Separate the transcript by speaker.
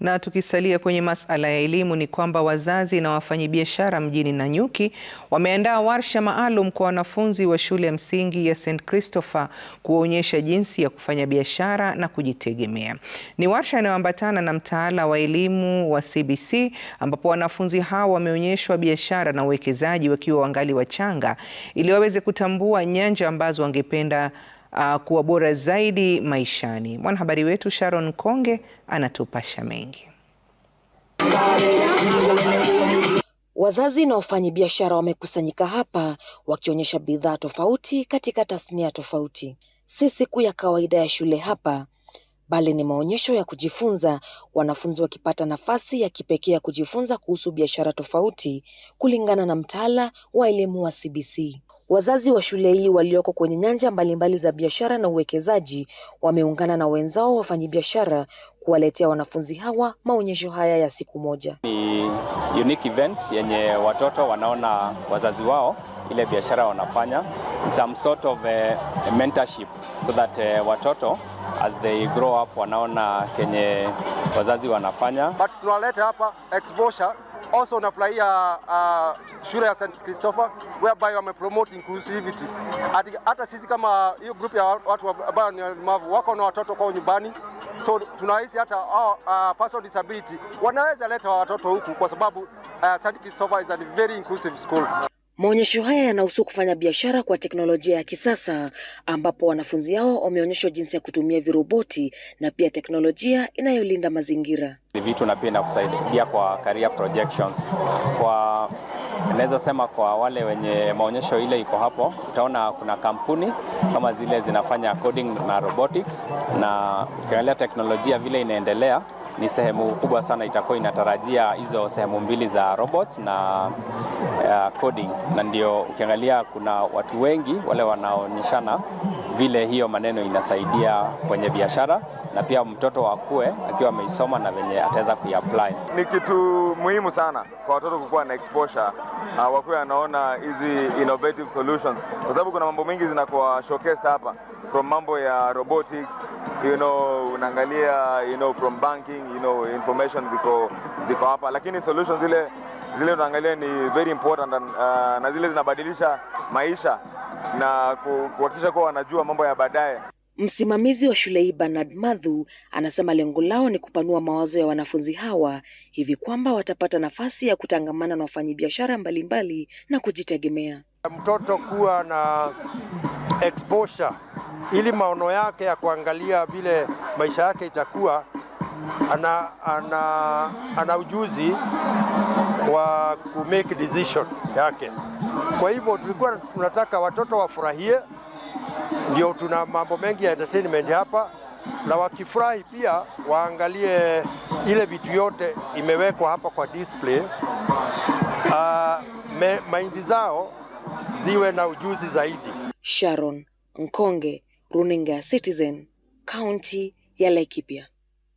Speaker 1: Na tukisalia kwenye masala ya elimu ni kwamba wazazi na wafanyabiashara mjini Nanyuki wameandaa warsha maalum kwa wanafunzi wa shule ya msingi ya St Christopher kuwaonyesha jinsi ya kufanya biashara na kujitegemea. Ni warsha inayoambatana na mtaala wa elimu wa CBC ambapo wanafunzi hao wameonyeshwa biashara na uwekezaji wakiwa wangali wachanga ili waweze kutambua nyanja ambazo wangependa uh, kuwa bora zaidi maishani. Mwanahabari wetu Sharon Konge anatupasha mengi.
Speaker 2: Wazazi na wafanyabiashara wamekusanyika hapa wakionyesha bidhaa tofauti katika tasnia tofauti. Si siku ya kawaida ya shule hapa, bali ni maonyesho ya kujifunza, wanafunzi wakipata nafasi ya kipekee ya kujifunza kuhusu biashara tofauti kulingana na mtaala wa elimu wa CBC. Wazazi wa shule hii walioko kwenye nyanja mbalimbali za biashara na uwekezaji wameungana na wenzao wafanyabiashara kuwaletea wanafunzi hawa maonyesho haya ya siku moja.
Speaker 3: Ni unique event yenye watoto wanaona wazazi wao ile biashara wanafanya, some sort of a, a mentorship so that uh, watoto as they grow up wanaona kenye wazazi wanafanya,
Speaker 4: but tunaleta hapa exposure Also nafurahia uh, shule ya St Christopher whereby wame promote inclusivity. Hata sisi kama hiyo group ya watu ambao ni walemavu wako na watoto kwao nyumbani, so tunahisi hata uh, uh, personal disability wanaweza leta watoto huku kwa sababu uh, St Christopher is a very inclusive school.
Speaker 2: Maonyesho haya yanahusu kufanya biashara kwa teknolojia ya kisasa ambapo wanafunzi hao wameonyeshwa jinsi ya kutumia viroboti na pia teknolojia inayolinda mazingira.
Speaker 3: Ni vitu na pia inakusaidia kwa career projections. Kwa naweza sema kwa wale wenye maonyesho ile iko hapo, utaona kuna kampuni kama zile zinafanya coding na robotics, na ukiangalia teknolojia vile inaendelea ni sehemu kubwa sana itakuwa inatarajia hizo sehemu mbili za robots na uh, coding, na ndio ukiangalia kuna watu wengi wale wanaonyeshana vile hiyo maneno inasaidia kwenye biashara na pia mtoto kue akiwa ameisoma na venye ataweza kuiapply.
Speaker 4: Ni kitu muhimu sana kwa watoto kukuwa na exposure, uh, wakuwe anaona hizi innovative solutions, kwa sababu kuna mambo mengi zinakuwa showcased hapa from mambo ya robotics you know, unaangalia you know, from banking you know, information ziko ziko hapa, lakini solutions zile zile unaangalia ni very important and, uh, na zile zinabadilisha maisha na kuhakikisha kuwa wanajua mambo ya baadaye.
Speaker 2: Msimamizi wa shule hii Bernard Madhu anasema lengo lao ni kupanua mawazo ya wanafunzi hawa hivi kwamba watapata nafasi ya kutangamana na wafanyabiashara mbalimbali na kujitegemea.
Speaker 4: Mtoto kuwa na exposure ili maono yake ya kuangalia vile maisha yake itakuwa ana, ana, ana ujuzi wa ku make decision yake. Kwa hivyo tulikuwa tunataka watoto wafurahie, ndio tuna mambo mengi ya entertainment hapa, na wakifurahi pia waangalie ile vitu yote imewekwa hapa kwa display. Uh, ah, maindi zao ziwe na ujuzi zaidi. Sharon nkonge runinga Citizen, kaunti ya Laikipia.